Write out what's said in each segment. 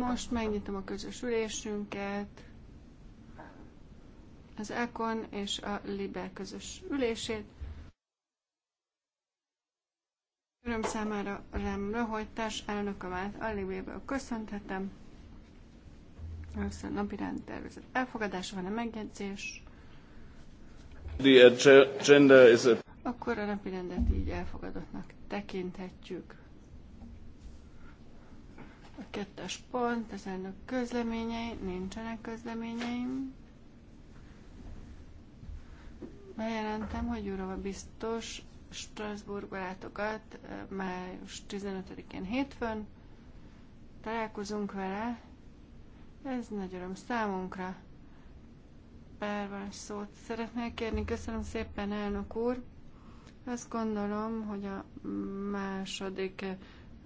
Most megnyitom a közös ülésünket. Az Econ és a Libe közös ülését. Öröm számára remlő, hogy társ elnökömet a Libéből köszönthetem. Először napi rendtervezet elfogadása van a megjegyzés. The agenda is a... Akkor a napi rendet így elfogadottnak tekinthetjük. A kettes pont, az elnök közleményei, nincsenek közleményeim. Bejelentem, hogy Jurova biztos Strasbourgba látogat eh, május 15-én hétfőn. Találkozunk vele. Ez nagy öröm számunkra. van szót szeretnél kérni. Köszönöm szépen, elnök úr. Azt gondolom, hogy a második eh,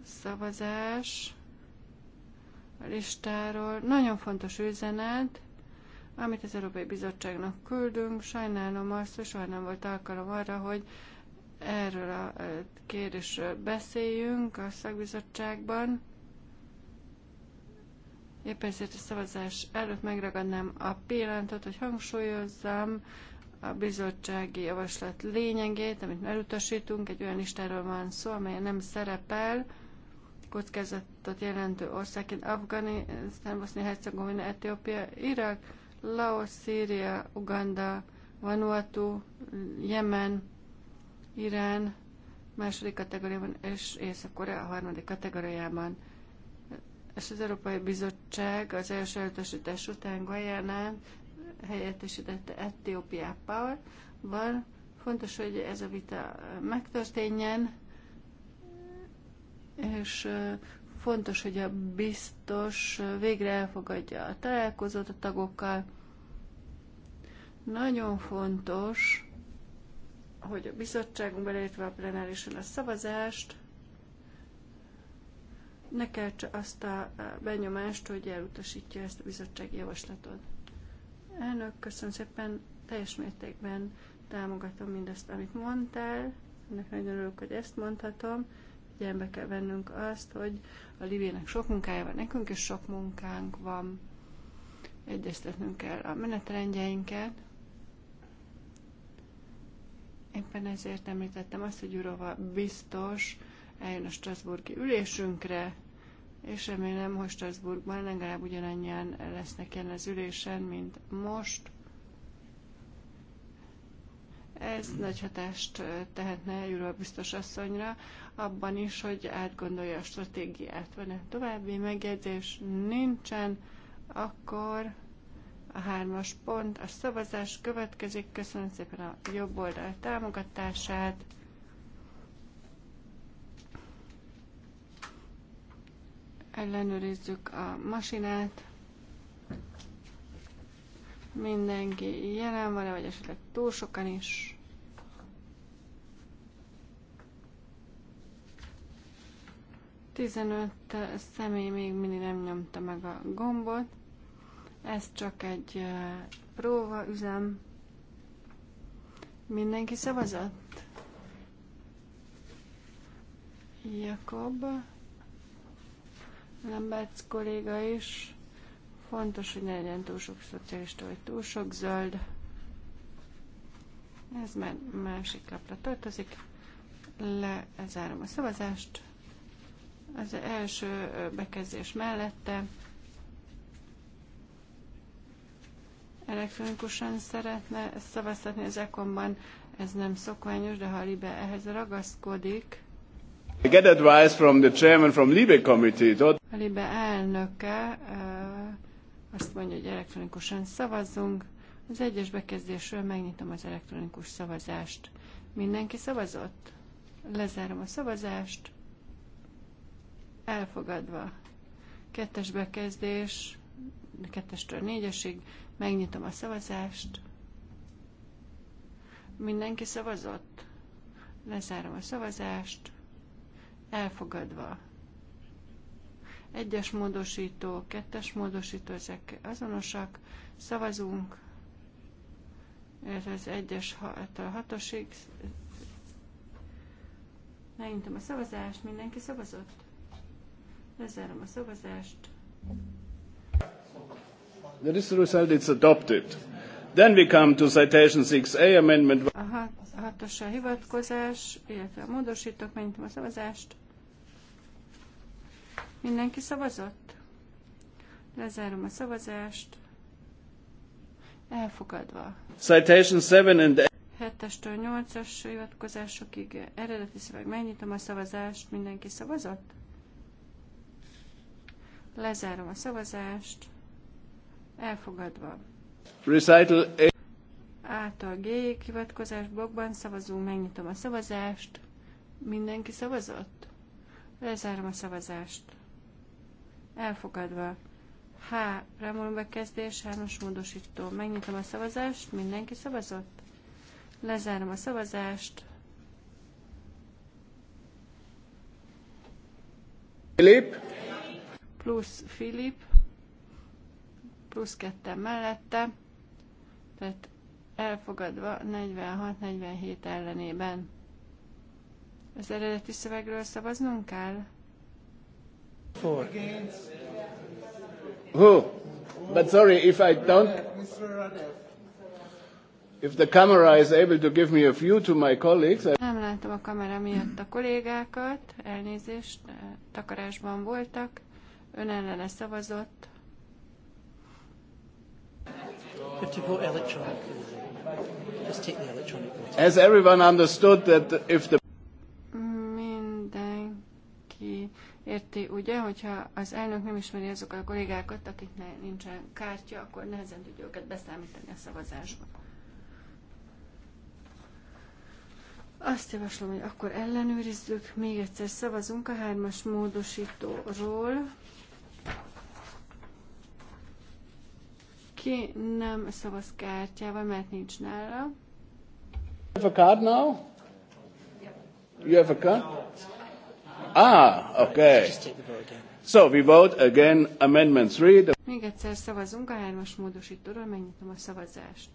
szavazás listáról. Nagyon fontos üzenet, amit az Európai Bizottságnak küldünk. Sajnálom azt, hogy soha nem volt alkalom arra, hogy erről a kérdésről beszéljünk a szakbizottságban. Éppen ezért a szavazás előtt megragadnám a pillanatot, hogy hangsúlyozzam a bizottsági javaslat lényegét, amit elutasítunk. Egy olyan listáról van szó, amely nem szerepel, kockázatot jelentő országként Afganisztán, Bosznia-Hercegovina, Etiópia, Irak, Laos, Szíria, Uganda, Vanuatu, Jemen, Irán, második kategóriában, és Észak-Korea a harmadik kategóriában. És az Európai Bizottság az első elutasítás után Guajánál helyettesítette Etiópiával. Van fontos, hogy ez a vita megtörténjen, és fontos, hogy a biztos végre elfogadja a találkozót a tagokkal. Nagyon fontos, hogy a bizottságunk beleértve a plenárisan a szavazást, ne csak azt a benyomást, hogy elutasítja ezt a bizottsági javaslatot. Elnök, köszönöm szépen, teljes mértékben támogatom mindazt, amit mondtál. Ennek nagyon örülök, hogy ezt mondhatom figyelembe kell vennünk azt, hogy a Libének sok munkája van, nekünk is sok munkánk van, egyeztetnünk kell a menetrendjeinket. Éppen ezért említettem azt, hogy Jurova biztos eljön a Strasburgi ülésünkre, és remélem, hogy Strasbourgban legalább ugyanannyian lesznek jelen az ülésen, mint most. Ez nagy hatást tehetne Jura biztos asszonyra, abban is, hogy átgondolja a stratégiát. Van-e további megjegyzés? Nincsen. Akkor a hármas pont, a szavazás következik. Köszönöm szépen a jobb oldal támogatását. Ellenőrizzük a masinát mindenki jelen van-e, vagy esetleg túl sokan is. Tizenöt személy még mindig nem nyomta meg a gombot. Ez csak egy eh, próba üzem. Mindenki szavazott? Jakob, Lembec kolléga is Fontos, hogy ne legyen túl sok szocialista, vagy túl sok zöld. Ez már másik lapra tartozik. Lezárom a szavazást. Az első bekezdés mellette elektronikusan szeretne szavaztatni az ekonban. Ez nem szokványos, de ha Libe ehhez ragaszkodik, I get advice from the chairman from Libe committee. A Libe elnöke uh, azt mondja, hogy elektronikusan szavazzunk. Az egyes bekezdésről megnyitom az elektronikus szavazást. Mindenki szavazott? Lezárom a szavazást. Elfogadva. Kettes bekezdés, kettestől négyesig, megnyitom a szavazást. Mindenki szavazott? Lezárom a szavazást. Elfogadva. Egyes módosító, kettes módosító, ezek azonosak. Szavazunk, ez az egyes hát a hatosig. Megnyitom a szavazást, mindenki szavazott? Lezárom a szavazást. The result is adopted. Then we come to citation 6A amendment. A hat, hivatkozás, illetve a módosítók, megnyitom a szavazást. Mindenki szavazott? Lezárom a szavazást. Elfogadva. Citation 7 and 7-től 8-as hivatkozásokig eredeti szöveg. Megnyitom a szavazást. Mindenki szavazott? Lezárom a szavazást. Elfogadva. Recital A. Által G hivatkozás blogban szavazunk, megnyitom a szavazást. Mindenki szavazott? Lezárom a szavazást elfogadva. H. Rámolom bekezdés, hármas módosító. Megnyitom a szavazást, mindenki szavazott? Lezárom a szavazást. Filip. Plusz Filip. Plusz ketten mellette. Tehát elfogadva 46-47 ellenében. Az eredeti szövegről szavaznunk kell? For. Who? But sorry, if I don't. Uh, if the camera is able to give me a view to my colleagues. I... Nem látom a kamera miatt a kollégákat, elnézést, takarásban voltak, ön ellene szavazott. Has everyone understood that if the érti, ugye, hogyha az elnök nem ismeri azokat a kollégákat, akiknek nincsen kártya, akkor nehezen tudja őket beszámítani a szavazásba. Azt javaslom, hogy akkor ellenőrizzük, még egyszer szavazunk a hármas módosítóról. Ki nem szavaz kártyával, mert nincs nála. You have a card now? You have a card? Ah, okay. So we vote again amendment 3. Még egyszer szavazunk a hármas módosítóról, megnyitom a szavazást.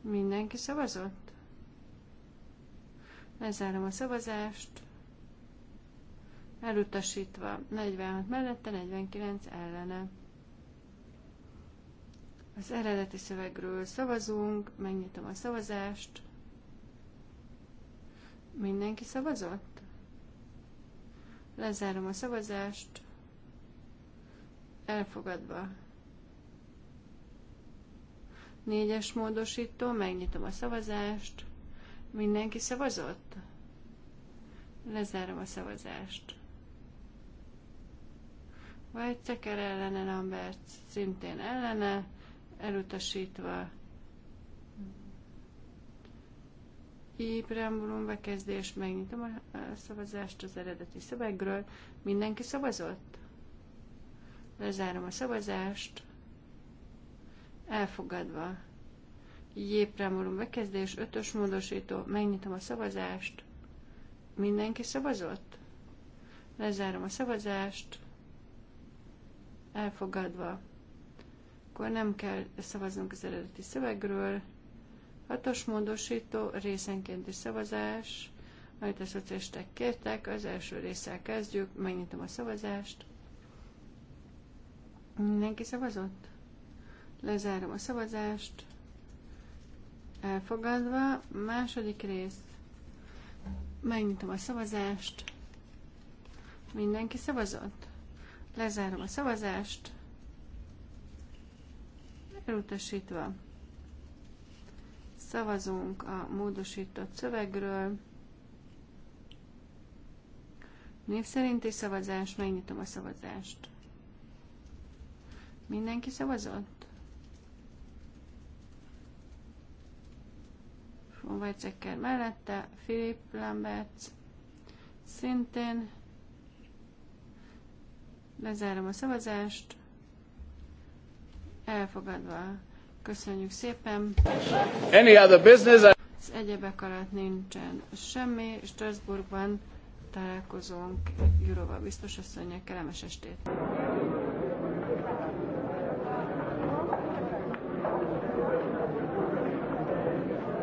Mindenki szavazott? Lezárom a szavazást. Elutasítva 46 mellette, 49 ellene. Az eredeti szövegről szavazunk, megnyitom a szavazást. Mindenki szavazott? Lezárom a szavazást. Elfogadva. Négyes módosító, megnyitom a szavazást. Mindenki szavazott? Lezárom a szavazást. Vagy teker ellene, Lambert szintén ellene, elutasítva I preambulum bekezdés, megnyitom a szavazást az eredeti szövegről. Mindenki szavazott? Lezárom a szavazást. Elfogadva. J preambulum bekezdés, ötös módosító, megnyitom a szavazást. Mindenki szavazott? Lezárom a szavazást. Elfogadva. Akkor nem kell szavaznunk az eredeti szövegről. Hatos módosító részenkénti szavazás, amit a szocialisták kértek. Az első résszel kezdjük, megnyitom a szavazást. Mindenki szavazott? Lezárom a szavazást. Elfogadva. Második rész. Megnyitom a szavazást. Mindenki szavazott? Lezárom a szavazást. Elutasítva. Szavazunk a módosított szövegről. Név szerinti szavazás, megnyitom a szavazást. Mindenki szavazott? Von mellette, Filip Lambert szintén. Lezárom a szavazást. Elfogadva Köszönjük szépen. Any other business? Az egyebek alatt nincsen semmi. Strasbourgban találkozunk Jurova biztos asszonyja. Kellemes estét!